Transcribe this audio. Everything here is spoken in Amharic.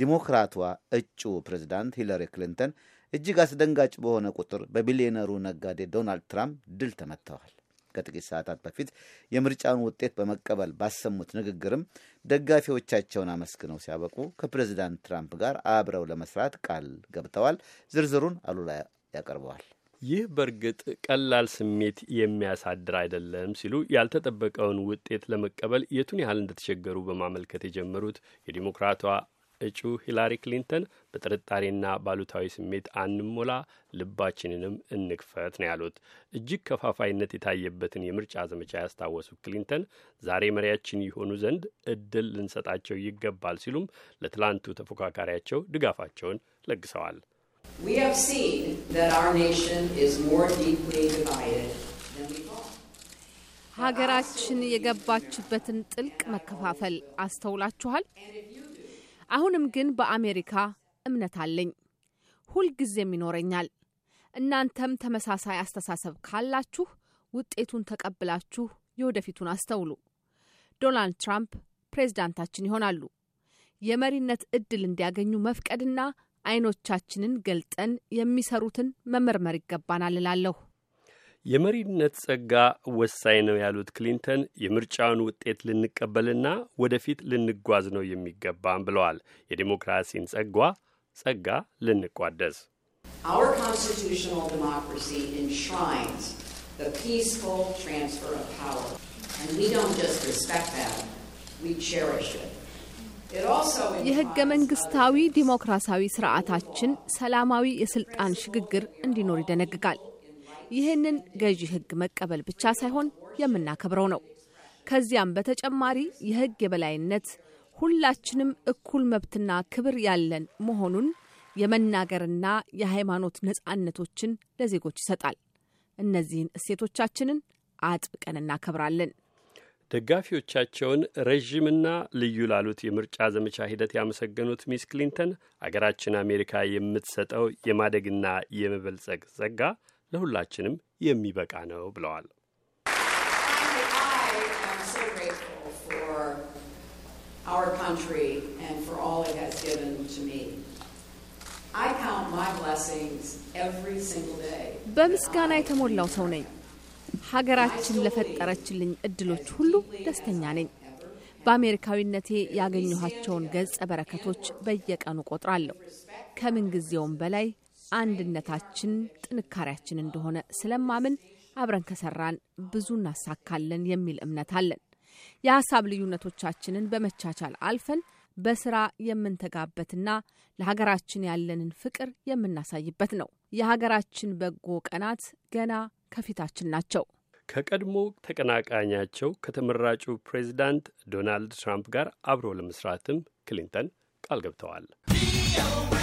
ዲሞክራቷ እጩ ፕሬዚዳንት ሂለሪ ክሊንተን እጅግ አስደንጋጭ በሆነ ቁጥር በቢሊዮነሩ ነጋዴ ዶናልድ ትራምፕ ድል ተመትተዋል። ከጥቂት ሰዓታት በፊት የምርጫውን ውጤት በመቀበል ባሰሙት ንግግርም ደጋፊዎቻቸውን አመስግነው ሲያበቁ ከፕሬዚዳንት ትራምፕ ጋር አብረው ለመስራት ቃል ገብተዋል። ዝርዝሩን አሉላ ያቀርበዋል። ይህ በእርግጥ ቀላል ስሜት የሚያሳድር አይደለም ሲሉ ያልተጠበቀውን ውጤት ለመቀበል የቱን ያህል እንደተቸገሩ በማመልከት የጀመሩት የዲሞክራቷ እጩ ሂላሪ ክሊንተን በጥርጣሬና ባሉታዊ ስሜት አንሞላ፣ ልባችንንም እንክፈት ነው ያሉት። እጅግ ከፋፋይነት የታየበትን የምርጫ ዘመቻ ያስታወሱት ክሊንተን ዛሬ መሪያችን የሆኑ ዘንድ እድል ልንሰጣቸው ይገባል ሲሉም ለትላንቱ ተፎካካሪያቸው ድጋፋቸውን ለግሰዋል። ሀገራችን የገባችበትን ጥልቅ መከፋፈል አስተውላችኋል። አሁንም ግን በአሜሪካ እምነት አለኝ፣ ሁልጊዜም ይኖረኛል። እናንተም ተመሳሳይ አስተሳሰብ ካላችሁ ውጤቱን ተቀብላችሁ የወደፊቱን አስተውሉ። ዶናልድ ትራምፕ ፕሬዝዳንታችን ይሆናሉ። የመሪነት እድል እንዲያገኙ መፍቀድና አይኖቻችንን ገልጠን የሚሰሩትን መመርመር ይገባናል እላለሁ። የመሪነት ጸጋ ወሳኝ ነው ያሉት ክሊንተን የምርጫውን ውጤት ልንቀበልና ወደፊት ልንጓዝ ነው የሚገባም ብለዋል። የዴሞክራሲን ጸጓ ጸጋ ልንቋደስ የህገ መንግስታዊ ዲሞክራሲያዊ ስርዓታችን ሰላማዊ የስልጣን ሽግግር እንዲኖር ይደነግጋል። ይህንን ገዢ ህግ መቀበል ብቻ ሳይሆን የምናከብረው ነው። ከዚያም በተጨማሪ የህግ የበላይነት ሁላችንም እኩል መብትና ክብር ያለን መሆኑን የመናገርና የሃይማኖት ነጻነቶችን ለዜጎች ይሰጣል። እነዚህን እሴቶቻችንን አጥብቀን እናከብራለን። ደጋፊዎቻቸውን ረዥምና ልዩ ላሉት የምርጫ ዘመቻ ሂደት ያመሰገኑት ሚስ ክሊንተን አገራችን አሜሪካ የምትሰጠው የማደግና የመበልጸግ ጸጋ ለሁላችንም የሚበቃ ነው ብለዋል። በምስጋና የተሞላው ሰው ነኝ። ሀገራችን ለፈጠረችልኝ እድሎች ሁሉ ደስተኛ ነኝ። በአሜሪካዊነቴ ያገኘኋቸውን ገጸ በረከቶች በየቀኑ ቆጥራለሁ። ከምንጊዜውም በላይ አንድነታችን ጥንካሬያችን እንደሆነ ስለማምን አብረን ከሰራን ብዙ እናሳካለን የሚል እምነት አለን። የሀሳብ ልዩነቶቻችንን በመቻቻል አልፈን በስራ የምንተጋበትና ለሀገራችን ያለንን ፍቅር የምናሳይበት ነው። የሀገራችን በጎ ቀናት ገና ከፊታችን ናቸው። ከቀድሞ ተቀናቃኛቸው ከተመራጩ ፕሬዚዳንት ዶናልድ ትራምፕ ጋር አብሮ ለመስራትም ክሊንተን ቃል ገብተዋል።